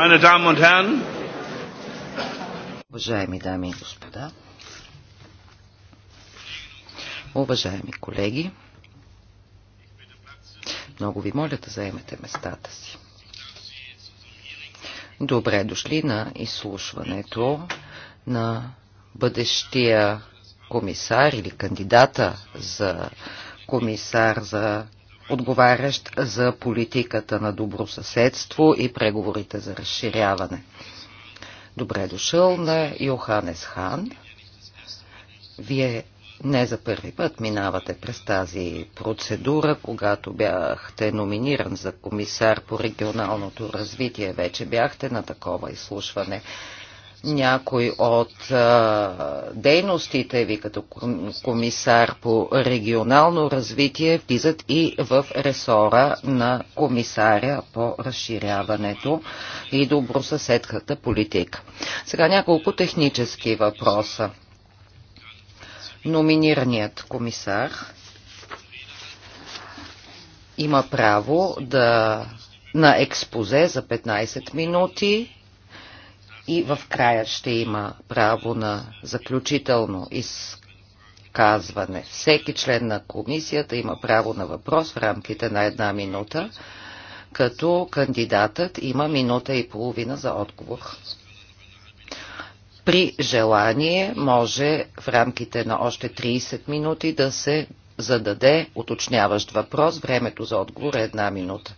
Meine Damen und Herren, уважаеми дами и господа, уважаеми колеги, много ви моля да заемете местата си. Добре дошли на изслушването на бъдещия комисар или кандидата за комисар за отговарящ за политиката на добросъседство и преговорите за разширяване. Добре дошъл на Йоханес Хан. Вие не за първи път минавате през тази процедура. Когато бяхте номиниран за комисар по регионалното развитие, вече бяхте на такова изслушване някои от а, дейностите ви като комисар по регионално развитие влизат и в ресора на комисаря по разширяването и добросъседката политика. Сега няколко технически въпроса. Номинираният комисар има право да на експозе за 15 минути и в края ще има право на заключително изказване. Всеки член на комисията има право на въпрос в рамките на една минута, като кандидатът има минута и половина за отговор. При желание може в рамките на още 30 минути да се зададе уточняващ въпрос. Времето за отговор е една минута.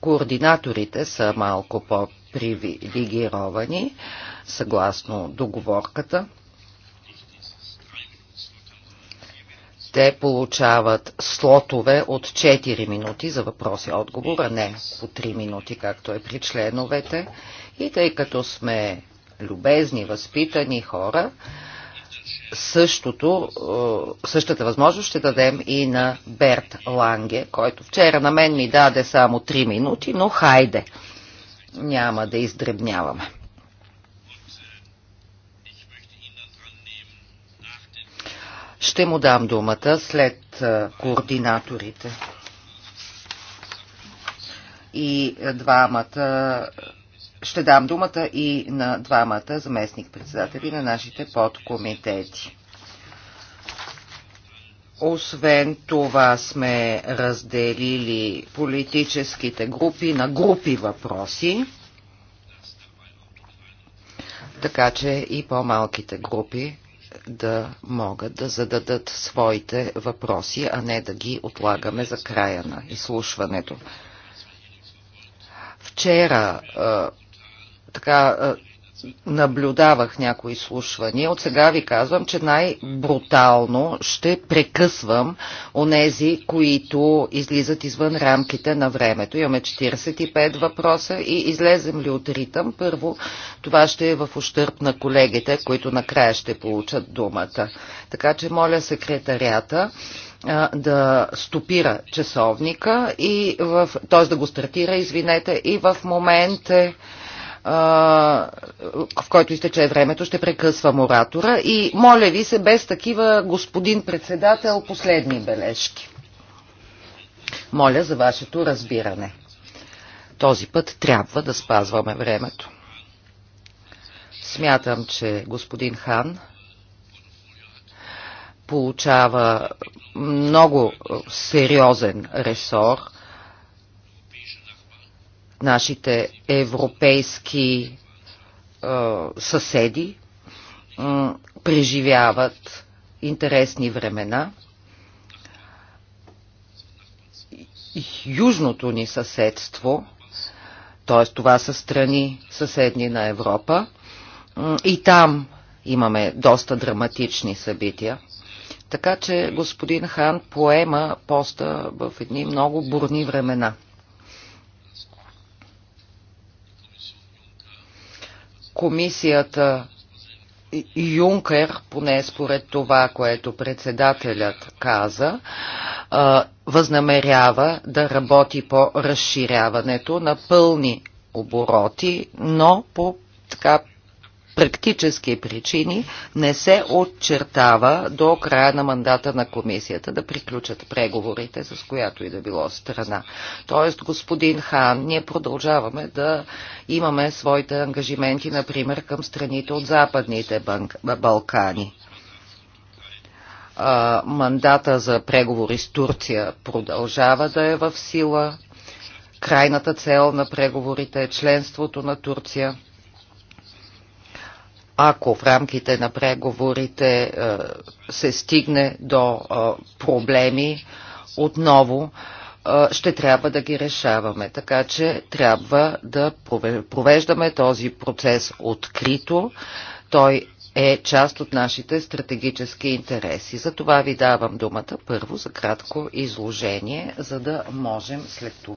Координаторите са малко под привилегировани съгласно договорката. Те получават слотове от 4 минути за въпрос и отговор, а не по 3 минути, както е при членовете. И тъй като сме любезни, възпитани хора, същото, е, същата възможност ще дадем и на Берт Ланге, който вчера на мен ми даде само 3 минути, но хайде няма да издребняваме. Ще му дам думата след координаторите. И двамата ще дам думата и на двамата заместник председатели на нашите подкомитети. Освен това сме разделили политическите групи на групи въпроси, така че и по-малките групи да могат да зададат своите въпроси, а не да ги отлагаме за края на изслушването. Вчера така наблюдавах някои изслушвания. От сега ви казвам, че най-брутално ще прекъсвам онези, които излизат извън рамките на времето. Имаме 45 въпроса и излезем ли от ритъм, първо това ще е в ущърп на колегите, които накрая ще получат думата. Така че моля секретарята да стопира часовника и в, т.е. да го стартира, извинете, и в момент е в който изтече времето, ще прекъсвам оратора. И моля ви се, без такива, господин председател, последни бележки. Моля за вашето разбиране. Този път трябва да спазваме времето. Смятам, че господин Хан получава много сериозен ресор – нашите европейски съседи преживяват интересни времена. Южното ни съседство, т.е. това са страни съседни на Европа, и там имаме доста драматични събития. Така че господин Хан поема поста в едни много бурни времена. комисията Юнкер, поне според това, което председателят каза, възнамерява да работи по разширяването на пълни обороти, но по така практически причини не се отчертава до края на мандата на комисията да приключат преговорите с която и да било страна. Тоест, господин Хан, ние продължаваме да имаме своите ангажименти, например, към страните от Западните Балкани мандата за преговори с Турция продължава да е в сила. Крайната цел на преговорите е членството на Турция ако в рамките на преговорите е, се стигне до е, проблеми, отново е, ще трябва да ги решаваме. Така че трябва да провеждаме този процес открито. Той е част от нашите стратегически интереси. За това ви давам думата първо за кратко изложение, за да можем след това.